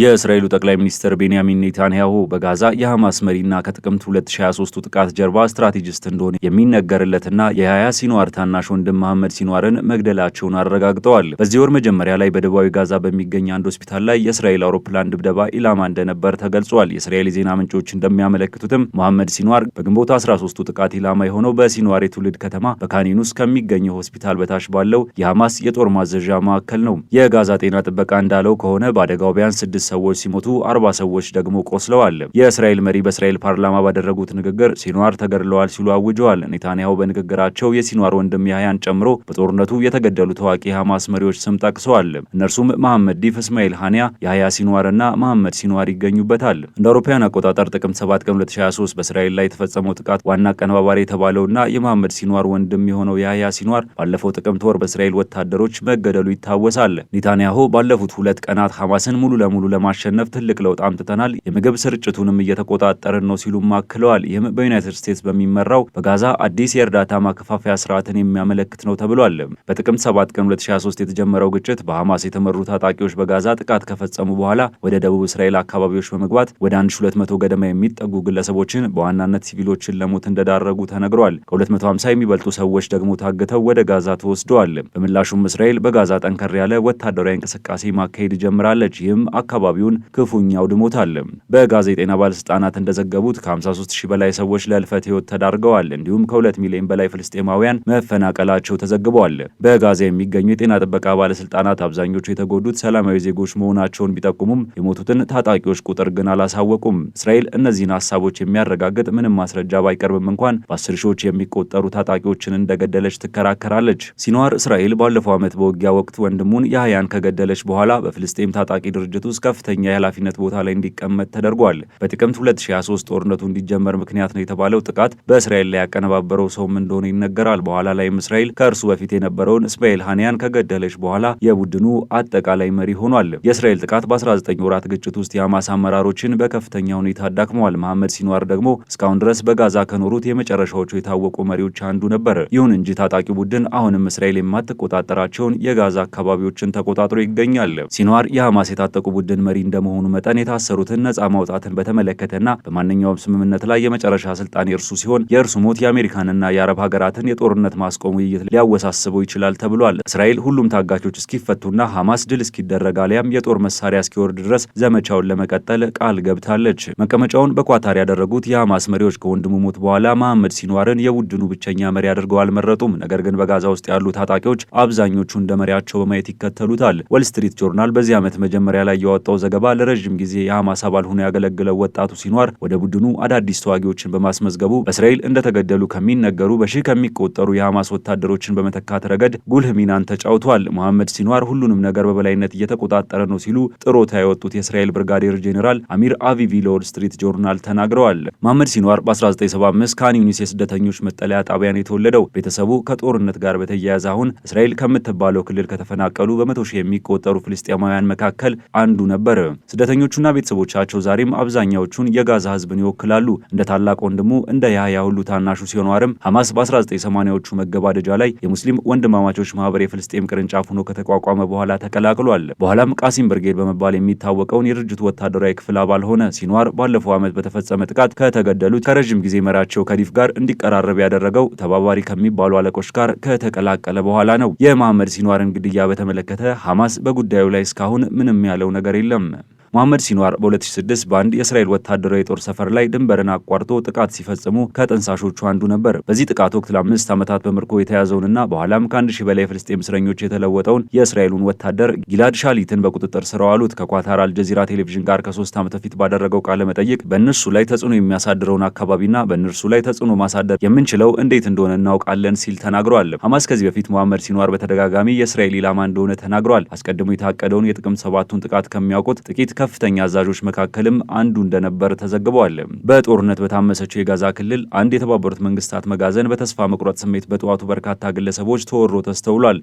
የእስራኤሉ ጠቅላይ ሚኒስትር ቤንያሚን ኔታንያሁ በጋዛ የሐማስ መሪና ከጥቅምት 2023ቱ ጥቃት ጀርባ ስትራቴጂስት እንደሆነ የሚነገርለትና የያህያ ሲኗር ታናሽ ወንድም መሐመድ ሲኗርን መግደላቸውን አረጋግጠዋል። በዚህ ወር መጀመሪያ ላይ በደቡባዊ ጋዛ በሚገኝ አንድ ሆስፒታል ላይ የእስራኤል አውሮፕላን ድብደባ ኢላማ እንደነበር ተገልጿል። የእስራኤል የዜና ምንጮች እንደሚያመለክቱትም መሐመድ ሲኗር በግንቦት 13ቱ ጥቃት ኢላማ የሆነው በሲንዋር የትውልድ ከተማ በካኒኑስ ከሚገኘው ሆስፒታል በታች ባለው የሐማስ የጦር ማዘዣ ማዕከል ነው። የጋዛ ጤና ጥበቃ እንዳለው ከሆነ በአደጋው ቢያንስ ሰዎች ሲሞቱ አርባ ሰዎች ደግሞ ቆስለዋል። የእስራኤል መሪ በእስራኤል ፓርላማ ባደረጉት ንግግር ሲኗር ተገድለዋል ሲሉ አውጀዋል። ኔታንያሁ በንግግራቸው የሲኗር ወንድም ያህያን ጨምሮ በጦርነቱ የተገደሉ ታዋቂ ሐማስ መሪዎች ስም ጠቅሰዋል። እነርሱም መሐመድ ዲፍ፣ እስማኤል ሃኒያ የሀያ ሲኗር እና መሐመድ ሲኗር ይገኙበታል። እንደ አውሮፓውያን አቆጣጠር ጥቅምት 7 ቀን 2023 በእስራኤል ላይ የተፈጸመው ጥቃት ዋና አቀነባባሪ የተባለውና የመሐመድ ሲኗር ወንድም የሆነው የሀያ ሲኗር ባለፈው ጥቅምት ወር በእስራኤል ወታደሮች መገደሉ ይታወሳል። ኔታንያሁ ባለፉት ሁለት ቀናት ሐማስን ሙሉ ለሙሉ ለማሸነፍ ትልቅ ለውጥ አምጥተናል፣ የምግብ ስርጭቱንም እየተቆጣጠርን ነው ሲሉም አክለዋል። ይህም በዩናይትድ ስቴትስ በሚመራው በጋዛ አዲስ የእርዳታ ማከፋፈያ ስርዓትን የሚያመለክት ነው ተብሏል። በጥቅምት 7 ቀን 2023 የተጀመረው ግጭት በሐማስ የተመሩ ታጣቂዎች በጋዛ ጥቃት ከፈጸሙ በኋላ ወደ ደቡብ እስራኤል አካባቢዎች በመግባት ወደ 1200 ገደማ የሚጠጉ ግለሰቦችን በዋናነት ሲቪሎችን ለሞት እንደዳረጉ ተነግሯል። ከ250 የሚበልጡ ሰዎች ደግሞ ታግተው ወደ ጋዛ ተወስደዋል። በምላሹም እስራኤል በጋዛ ጠንከር ያለ ወታደራዊ እንቅስቃሴ ማካሄድ ጀምራለች። ይህም አካባቢ አካባቢውን ክፉኛ አውድሞታል። በጋዛ የጤና ባለስልጣናት እንደዘገቡት ከ53 ሺህ በላይ ሰዎች ለልፈት ህይወት ተዳርገዋል። እንዲሁም ከ2 ሚሊዮን በላይ ፍልስጤማውያን መፈናቀላቸው ተዘግበዋል። በጋዛ የሚገኙ የጤና ጥበቃ ባለስልጣናት አብዛኞቹ የተጎዱት ሰላማዊ ዜጎች መሆናቸውን ቢጠቁሙም የሞቱትን ታጣቂዎች ቁጥር ግን አላሳወቁም። እስራኤል እነዚህን ሀሳቦች የሚያረጋግጥ ምንም ማስረጃ ባይቀርብም እንኳን በአስር ሺዎች የሚቆጠሩ ታጣቂዎችን እንደገደለች ትከራከራለች። ሲኗር እስራኤል ባለፈው ዓመት በውጊያ ወቅት ወንድሙን ያህያን ከገደለች በኋላ በፍልስጤም ታጣቂ ድርጅት ውስጥ ከፍተኛ የኃላፊነት ቦታ ላይ እንዲቀመጥ ተደርጓል። በጥቅምት 2023 ጦርነቱ እንዲጀመር ምክንያት ነው የተባለው ጥቃት በእስራኤል ላይ ያቀነባበረው ሰውም እንደሆነ ይነገራል። በኋላ ላይም እስራኤል ከእርሱ በፊት የነበረውን እስማኤል ሃንያን ከገደለች በኋላ የቡድኑ አጠቃላይ መሪ ሆኗል። የእስራኤል ጥቃት በ19 ወራት ግጭት ውስጥ የሐማስ አመራሮችን በከፍተኛ ሁኔታ አዳክመዋል። መሐመድ ሲኗር ደግሞ እስካሁን ድረስ በጋዛ ከኖሩት የመጨረሻዎቹ የታወቁ መሪዎች አንዱ ነበር። ይሁን እንጂ ታጣቂ ቡድን አሁንም እስራኤል የማትቆጣጠራቸውን የጋዛ አካባቢዎችን ተቆጣጥሮ ይገኛል። ሲኗር የሐማስ የታጠቁ ቡድን ቡድን መሪ እንደመሆኑ መጠን የታሰሩትን ነፃ ማውጣትን በተመለከተና በማንኛውም ስምምነት ላይ የመጨረሻ ስልጣን የእርሱ ሲሆን የእርሱ ሞት የአሜሪካንና የአረብ ሀገራትን የጦርነት ማስቆም ውይይት ሊያወሳስበው ይችላል ተብሏል። እስራኤል ሁሉም ታጋቾች እስኪፈቱና ሐማስ ድል እስኪደረግ አሊያም የጦር መሳሪያ እስኪወርድ ድረስ ዘመቻውን ለመቀጠል ቃል ገብታለች። መቀመጫውን በኳታር ያደረጉት የሐማስ መሪዎች ከወንድሙ ሞት በኋላ መሐመድ ሲንዋርን የቡድኑ ብቸኛ መሪ አድርገው አልመረጡም። ነገር ግን በጋዛ ውስጥ ያሉ ታጣቂዎች አብዛኞቹ እንደ መሪያቸው በማየት ይከተሉታል። ወልስትሪት ጆርናል በዚህ ዓመት መጀመሪያ ላይ ያወጣ ባወጣው ዘገባ ለረዥም ጊዜ የሐማስ አባል ሆኖ ያገለግለው ወጣቱ ሲኗር ወደ ቡድኑ አዳዲስ ተዋጊዎችን በማስመዝገቡ በእስራኤል እንደተገደሉ ከሚነገሩ በሺህ ከሚቆጠሩ የሐማስ ወታደሮችን በመተካት ረገድ ጉልህ ሚናን ተጫውቷል። መሐመድ ሲኗር ሁሉንም ነገር በበላይነት እየተቆጣጠረ ነው ሲሉ ጥሮታ ያወጡት የእስራኤል ብርጋዴር ጄኔራል አሚር አቪቪ ለወል ስትሪት ጆርናል ተናግረዋል። መሐመድ ሲኗር በ1975 ካን ዩኒስ የስደተኞች መጠለያ ጣቢያን የተወለደው ቤተሰቡ ከጦርነት ጋር በተያያዘ አሁን እስራኤል ከምትባለው ክልል ከተፈናቀሉ በመቶ ሺህ የሚቆጠሩ ፍልስጤማውያን መካከል አንዱ ነበር። ነበር። ስደተኞቹና ቤተሰቦቻቸው ዛሬም አብዛኛዎቹን የጋዛ ህዝብን ይወክላሉ። እንደ ታላቅ ወንድሙ እንደ ያህያ ሁሉ ታናሹ ሲሆን ሐማስ በ1980ዎቹ መገባደጃ ላይ የሙስሊም ወንድማማቾች ማህበር የፍልስጤም ቅርንጫፍ ሆኖ ከተቋቋመ በኋላ ተቀላቅሏል። በኋላም ቃሲም ብርጌድ በመባል የሚታወቀውን የድርጅቱ ወታደራዊ ክፍል አባል ሆነ። ሲኖዋር ባለፈው ዓመት በተፈጸመ ጥቃት ከተገደሉት ከረዥም ጊዜ መሪያቸው ከዲፍ ጋር እንዲቀራረብ ያደረገው ተባባሪ ከሚባሉ አለቆች ጋር ከተቀላቀለ በኋላ ነው። የመሐመድ ሲንዋርን ግድያ በተመለከተ ሐማስ በጉዳዩ ላይ እስካሁን ምንም ያለው ነገር የለም። لما መሐመድ ሲኗር በ2006 በአንድ የእስራኤል ወታደራዊ የጦር ሰፈር ላይ ድንበርን አቋርጦ ጥቃት ሲፈጽሙ ከጠንሳሾቹ አንዱ ነበር። በዚህ ጥቃት ወቅት ለአምስት ዓመታት በምርኮ የተያዘውንና በኋላም ከአንድ ሺህ በላይ የፍልስጤም እስረኞች የተለወጠውን የእስራኤሉን ወታደር ጊላድ ሻሊትን በቁጥጥር ስር አዋሉት። ከኳታር አልጀዚራ ቴሌቪዥን ጋር ከሶስት ዓመት በፊት ባደረገው ቃለ መጠይቅ በእነርሱ ላይ ተጽዕኖ የሚያሳድረውን አካባቢና በእነርሱ ላይ ተጽዕኖ ማሳደር የምንችለው እንዴት እንደሆነ እናውቃለን ሲል ተናግሯል። ሐማስ ከዚህ በፊት መሐመድ ሲኗር በተደጋጋሚ የእስራኤል ኢላማ እንደሆነ ተናግሯል። አስቀድሞ የታቀደውን የጥቅምት ሰባቱን ጥቃት ከሚያውቁት ጥቂት ከፍተኛ አዛዦች መካከልም አንዱ እንደነበር ተዘግቧል። በጦርነት በታመሰችው የጋዛ ክልል አንድ የተባበሩት መንግስታት መጋዘን በተስፋ መቁረጥ ስሜት በጠዋቱ በርካታ ግለሰቦች ተወሮ ተስተውሏል።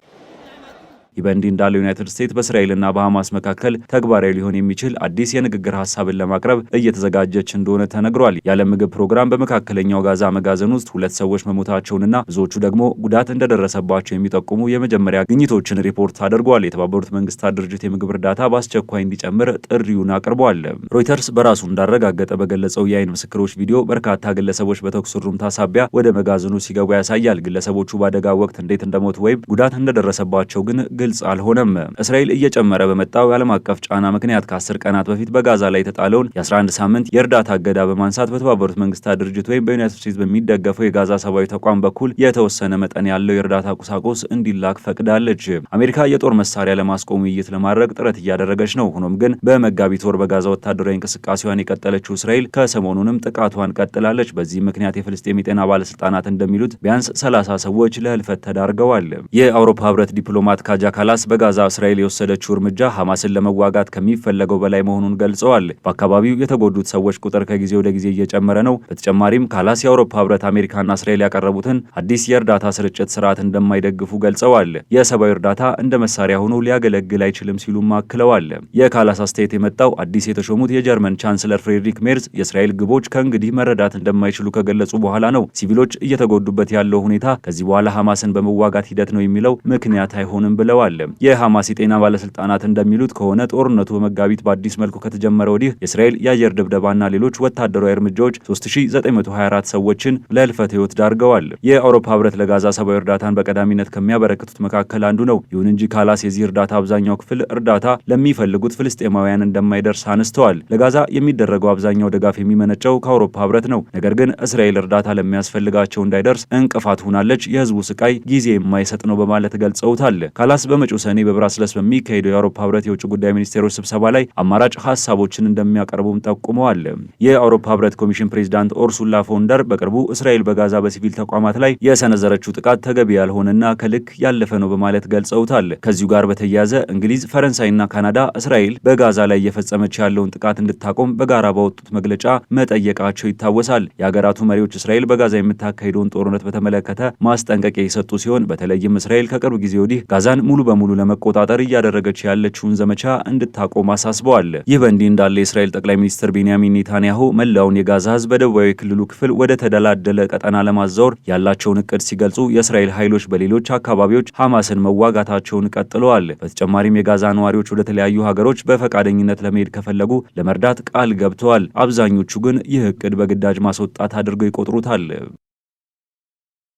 ይህ በእንዲህ እንዳለ ዩናይትድ ስቴትስ በእስራኤልና በሐማስ መካከል ተግባራዊ ሊሆን የሚችል አዲስ የንግግር ሀሳብን ለማቅረብ እየተዘጋጀች እንደሆነ ተነግሯል። የዓለም ምግብ ፕሮግራም በመካከለኛው ጋዛ መጋዘን ውስጥ ሁለት ሰዎች መሞታቸውንና ብዙዎቹ ደግሞ ጉዳት እንደደረሰባቸው የሚጠቁሙ የመጀመሪያ ግኝቶችን ሪፖርት አድርጓል። የተባበሩት መንግስታት ድርጅት የምግብ እርዳታ በአስቸኳይ እንዲጨምር ጥሪውን አቅርቧል። ሮይተርስ በራሱ እንዳረጋገጠ በገለጸው የአይን ምስክሮች ቪዲዮ በርካታ ግለሰቦች በተኩስ ሩምታ ሳቢያ ወደ መጋዘኑ ሲገቡ ያሳያል። ግለሰቦቹ በአደጋ ወቅት እንዴት እንደሞቱ ወይም ጉዳት እንደደረሰባቸው ግን ግልጽ አልሆነም። እስራኤል እየጨመረ በመጣው የዓለም አቀፍ ጫና ምክንያት ከአስር ቀናት በፊት በጋዛ ላይ የተጣለውን የ11 ሳምንት የእርዳታ እገዳ በማንሳት በተባበሩት መንግስታት ድርጅት ወይም በዩናይትድ ስቴትስ በሚደገፈው የጋዛ ሰብአዊ ተቋም በኩል የተወሰነ መጠን ያለው የእርዳታ ቁሳቁስ እንዲላክ ፈቅዳለች። አሜሪካ የጦር መሳሪያ ለማስቆም ውይይት ለማድረግ ጥረት እያደረገች ነው። ሆኖም ግን በመጋቢት ወር በጋዛ ወታደራዊ እንቅስቃሴዋን የቀጠለችው እስራኤል ከሰሞኑንም ጥቃቷን ቀጥላለች። በዚህ ምክንያት የፍልስጤም የጤና ባለስልጣናት እንደሚሉት ቢያንስ ሰላሳ ሰዎች ለህልፈት ተዳርገዋል። የአውሮፓ ህብረት ዲፕሎማት ካጃ ካላስ በጋዛ እስራኤል የወሰደችው እርምጃ ሐማስን ለመዋጋት ከሚፈለገው በላይ መሆኑን ገልጸዋል። በአካባቢው የተጎዱት ሰዎች ቁጥር ከጊዜ ወደ ጊዜ እየጨመረ ነው። በተጨማሪም ካላስ የአውሮፓ ህብረት፣ አሜሪካና እስራኤል ያቀረቡትን አዲስ የእርዳታ ስርጭት ስርዓት እንደማይደግፉ ገልጸዋል። የሰብአዊ እርዳታ እንደ መሳሪያ ሆኖ ሊያገለግል አይችልም ሲሉም አክለዋል። የካላስ አስተያየት የመጣው አዲስ የተሾሙት የጀርመን ቻንስለር ፍሬድሪክ ሜርዝ የእስራኤል ግቦች ከእንግዲህ መረዳት እንደማይችሉ ከገለጹ በኋላ ነው። ሲቪሎች እየተጎዱበት ያለው ሁኔታ ከዚህ በኋላ ሐማስን በመዋጋት ሂደት ነው የሚለው ምክንያት አይሆንም ብለዋል። አለ። የሐማስ የጤና ባለስልጣናት እንደሚሉት ከሆነ ጦርነቱ በመጋቢት በአዲስ መልኩ ከተጀመረ ወዲህ የእስራኤል የአየር ድብደባና ሌሎች ወታደራዊ እርምጃዎች 3924 ሰዎችን ለህልፈት ህይወት ዳርገዋል። የአውሮፓ ህብረት ለጋዛ ሰብአዊ እርዳታን በቀዳሚነት ከሚያበረክቱት መካከል አንዱ ነው። ይሁን እንጂ ካላስ የዚህ እርዳታ አብዛኛው ክፍል እርዳታ ለሚፈልጉት ፍልስጤማውያን እንደማይደርስ አነስተዋል። ለጋዛ የሚደረገው አብዛኛው ድጋፍ የሚመነጨው ከአውሮፓ ህብረት ነው። ነገር ግን እስራኤል እርዳታ ለሚያስፈልጋቸው እንዳይደርስ እንቅፋት ሆናለች። የህዝቡ ስቃይ ጊዜ የማይሰጥ ነው በማለት ገልጸውታል። ካላስ በመጪው ሰኔ በብራስለስ በሚካሄደው የአውሮፓ ህብረት የውጭ ጉዳይ ሚኒስቴሮች ስብሰባ ላይ አማራጭ ሀሳቦችን እንደሚያቀርቡም ጠቁመዋል። የአውሮፓ ህብረት ኮሚሽን ፕሬዚዳንት ኦርሱላ ፎንደር በቅርቡ እስራኤል በጋዛ በሲቪል ተቋማት ላይ የሰነዘረችው ጥቃት ተገቢ ያልሆነና ከልክ ያለፈ ነው በማለት ገልጸውታል። ከዚሁ ጋር በተያያዘ እንግሊዝ፣ ፈረንሳይና ካናዳ እስራኤል በጋዛ ላይ እየፈጸመች ያለውን ጥቃት እንድታቆም በጋራ ባወጡት መግለጫ መጠየቃቸው ይታወሳል። የሀገራቱ መሪዎች እስራኤል በጋዛ የምታካሄደውን ጦርነት በተመለከተ ማስጠንቀቂያ የሰጡ ሲሆን በተለይም እስራኤል ከቅርብ ጊዜ ወዲህ ጋዛን ሙሉ በሙሉ ለመቆጣጠር እያደረገች ያለችውን ዘመቻ እንድታቆም አሳስበዋል። ይህ በእንዲህ እንዳለ የእስራኤል ጠቅላይ ሚኒስትር ቤንያሚን ኔታንያሁ መላውን የጋዛ ህዝብ በደቡባዊ ክልሉ ክፍል ወደ ተደላደለ ቀጠና ለማዛወር ያላቸውን እቅድ ሲገልጹ የእስራኤል ኃይሎች በሌሎች አካባቢዎች ሐማስን መዋጋታቸውን ቀጥለዋል። በተጨማሪም የጋዛ ነዋሪዎች ወደ ተለያዩ ሀገሮች በፈቃደኝነት ለመሄድ ከፈለጉ ለመርዳት ቃል ገብተዋል። አብዛኞቹ ግን ይህ እቅድ በግዳጅ ማስወጣት አድርገው ይቆጥሩታል።